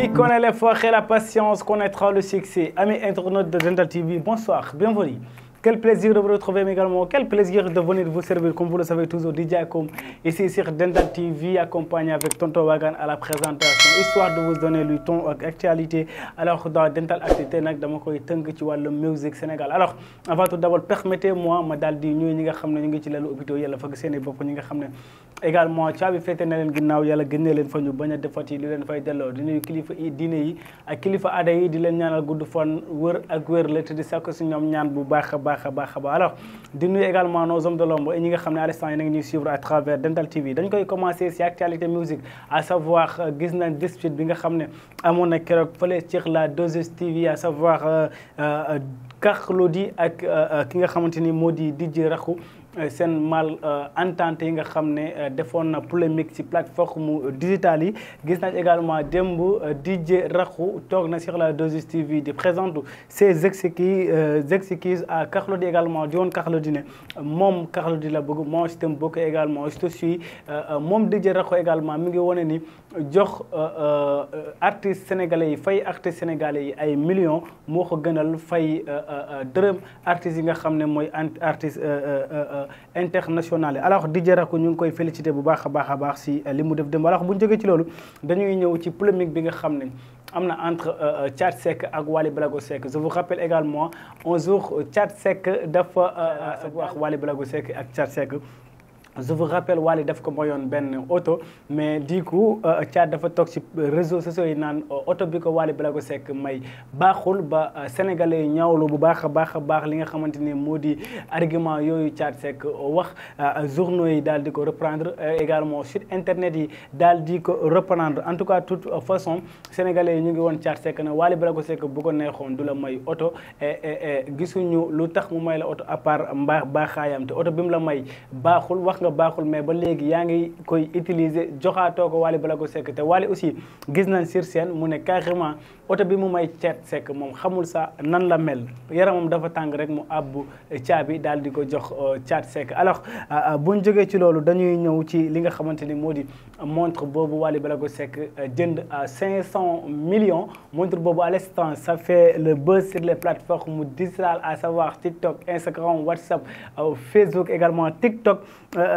Qui connaît l'effort et la patience connaîtra le succès. Amis internautes de Dental TV, bonsoir, bienvenue. Quel plaisir de vous retrouver, également quel plaisir de venir vous servir, comme vous le savez toujours, DJ ici sur Dental TV, accompagné avec Tonto Wagan à la présentation, histoire de vous donner le ton actualité. Alors, dans Dental Activité, musique Sénégal. Alors, avant tout d'abord, permettez-moi ma nga xamné également baax a baax a baax alors di nuyu également nos hommes de l'ombre et ñi nga xam ne à l'instant yi na ñuy suivre à travers Dental TV dañ koy commencer ci actualité musique à savoir euh, gis nañ dispute bi nga xam ne amoon na keroog fële ci la 2STV à savoir euh, euh, Carlou D ak ki nga xamante ni moo di DJ Rakhou euh, sen mal euh, entente yi nga xamné ne euh, na polémique ci plateforme digitale yi gis nañ également dembu DJ Rakhou toog na sur la dosis TV di présente ses excuses excuses à carlo également di Carlo Karlodi mom carlo di la bëgg moo si tam bokk également je te suis DJ Rakhou également mi ngi woné ni jox artistes sénégalais yi fay artistes sénégalais yi ay millions moko gënal fay dërëm artistes yi nga xamné moy artiste euh, internationale alors Didier Raco ñu ngi koy félicité bu baax a baax a baax si euh, alors si vous avez ci loolu nous ñëw ci polémique bi nga entre euh, Thiat et ak Waly Blago Sek. je vous rappelle également un jour Tchad Sek, dafa wax et Blago Sek et je vous rappelle Wally daf ko mayoon benn auto mais du coup euh, Thiat dafa tok ci réseaux sociaux yi naan oto euh, bi ko Wally blago sek may baxul ba euh, sénégalais ñaawlu bu baax a baax li nga xamante modi argument yoyu Thiat sek wax journaux yi dal di ko reprendre également sur internet yi dal di ko reprendre en tout cas toute façon sénégalais yi ñu ngi won Thiat sek na Wally blago sek bu ko neexoon du la may oto gisuñu lu tax mu may la auto à part mbaa baaxaayam te auto bi mu la may baxul wax nga ko baaxul mais ba léegi ya ngi koy utiliser joxato ko wali Ballago Seck te wali aussi gis nañ sur sen mu ne carrément auto bi mu may Thiat Seck mom xamul sa nan la mel yaramam dafa tang rek mu àbbu caabi dal di ko jox euh, Thiat Seck alors euh, euh, buñ joge ci lolu dañuy ñew ci li nga xamanteni modi montre bobu wali Ballago Seck jënd à 500 millions montre bobu à l'instant ça fait le buzz sur les plateformes digitales à savoir TikTok Instagram WhatsApp Facebook également TikTok.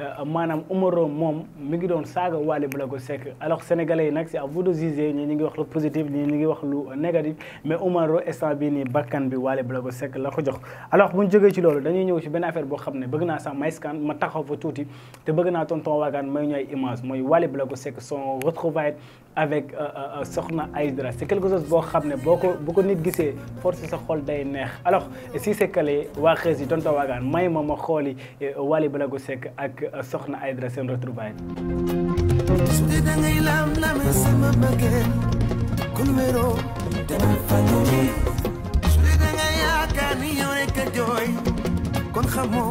Euh, manam Omaro mom mi ngi don saga walé Ballago sec alors sénégalais nak nag c'est à vous de juger ñi ñu ngi wax lu positif ñi ñu ngi wax lu négatif mais Omaro instant bii nii bakkan bi walé Ballago sec la ko jox alors bu ñu ci lolu dañuy ñëw ci ben affaire bo xamné ne bëgg naa sax may scan ma taxaw fa touti té bëgg na tonton wagan may ñoy image moy walé Ballago sec son retrouvailles avec euh, euh, Soxna Aïdara c'est quelque chose bo xamné boko bu ko nit gisee force sa xol day neex alors si c'est calé waa xës yi tonton wagan may ma ma xooli Wally Ballago Seck ak ak Soxna Aïdara seen retrouvaille su dee da ngay laam laame sama bëggeel ku numéro demal fàññu ji su dee da ngay yaakaar ni yow rek a jooy kon xamoo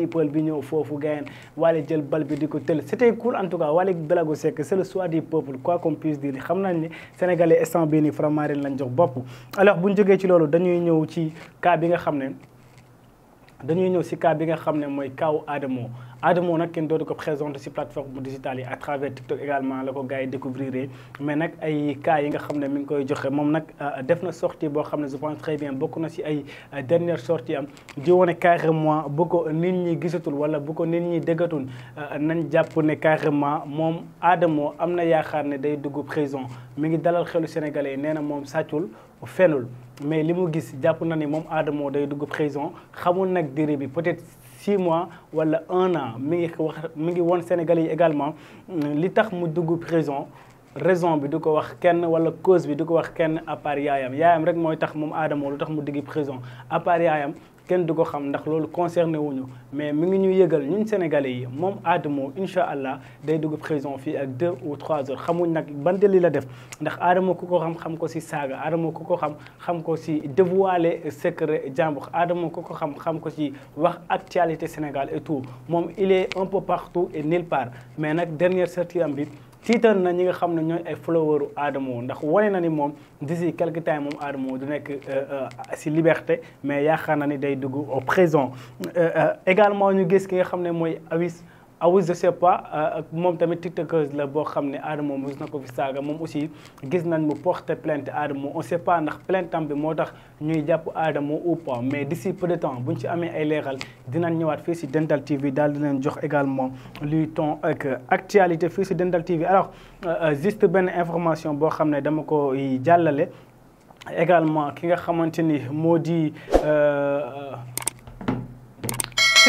people bi ñëw foofu gayen Wally jël bal bi diko ko c'était cool en tout cas Wally blago Seck c'est le soir du peuple quoi qu'on puisse dire xamnañ ni sénégalais instant bii nii lañ jox bop alors buñ jógee ci lolu dañuy ñëw ci cas bi nga xamné dañuy ñëw ci cas bi nga xamné moy kaw Adamo Adamo nak kenn dootu ko présenté si plateforme digitale à travers TikTok également lako ko gars mais nak ay cas yi nga xamné mi ngi koy joxe moom nag euh, def na sortie bo xamné je pense très bien bokk na si ay euh, dernière sortie am di woné carrément bu ko nit ñi gisatul wala bu ko nit ñi dégatul euh, nañ japp né carrément mom Adamo amna na yaakaar day dugg prison mi ngi dalal xelu sénégalais néna mom moom sàccul mais limu gis japp na ni mom Adamo day dugg prison xamul nak durée bi peut-être six mois wala un an mingi wax mi ngi Sénégalais également mm, li tax mu dugg prison raison bi du wax kenn wala cause bi du wax kenn à part yayam yayam rek moy tax mom Adama lu tax mu digg prison à part yayam kenn du ko xam ndax loolu concerné wuñu mais mi ngi ñu yëgal ñun sénégalais yi moom Adamo incha allah day dugg prison fii ak deux ou trois heures xamuñ nag ban délit la def ndax Adamo ku ko xam xam ko si saaga Adamo ku ko xam xam ko si dévoiler secret jàmbur Adamo ku ko xam xam ko si wax actualité Sénégal et tout moom il est un peu partout et nulle part mais nag dernière sortie am bi tiital na ñi nga xam ay Adamo ndax na ni quelque temps moom euh, euh, liberté mais ni day dugg au présent euh, également ñu gis ki Aouz je sais pas euh, mom tamit tiktokeuse la bo xamné ne Adamo mos na ko fi saaga moom aussi gis nañ mu porter plainte Adamo on sait pas nak plainte am bi motax ñuy japp Adamo ou pas mais d'ici peu de temps buñ ci amé ay leeral dinañ ñëwaat fi ci Dental TV dal dinañ jox également lu ton ak actualité fi ci Dental TV alors euh, euh, juste ben information bo xamné ne dama ko jallalé également ki nga xamanteni modi euh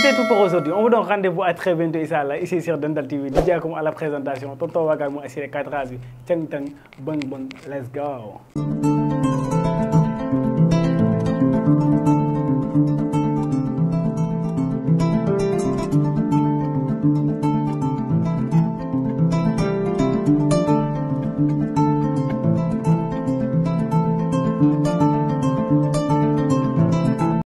c'est tout pour aujourd'hui. On vous donne rendez-vous à très bientôt, ici sur Dental TV. déjà comme à la présentation. Tonton wagamou, moi, les 4 rases. Tchang, tchang, bang, bang, let's go.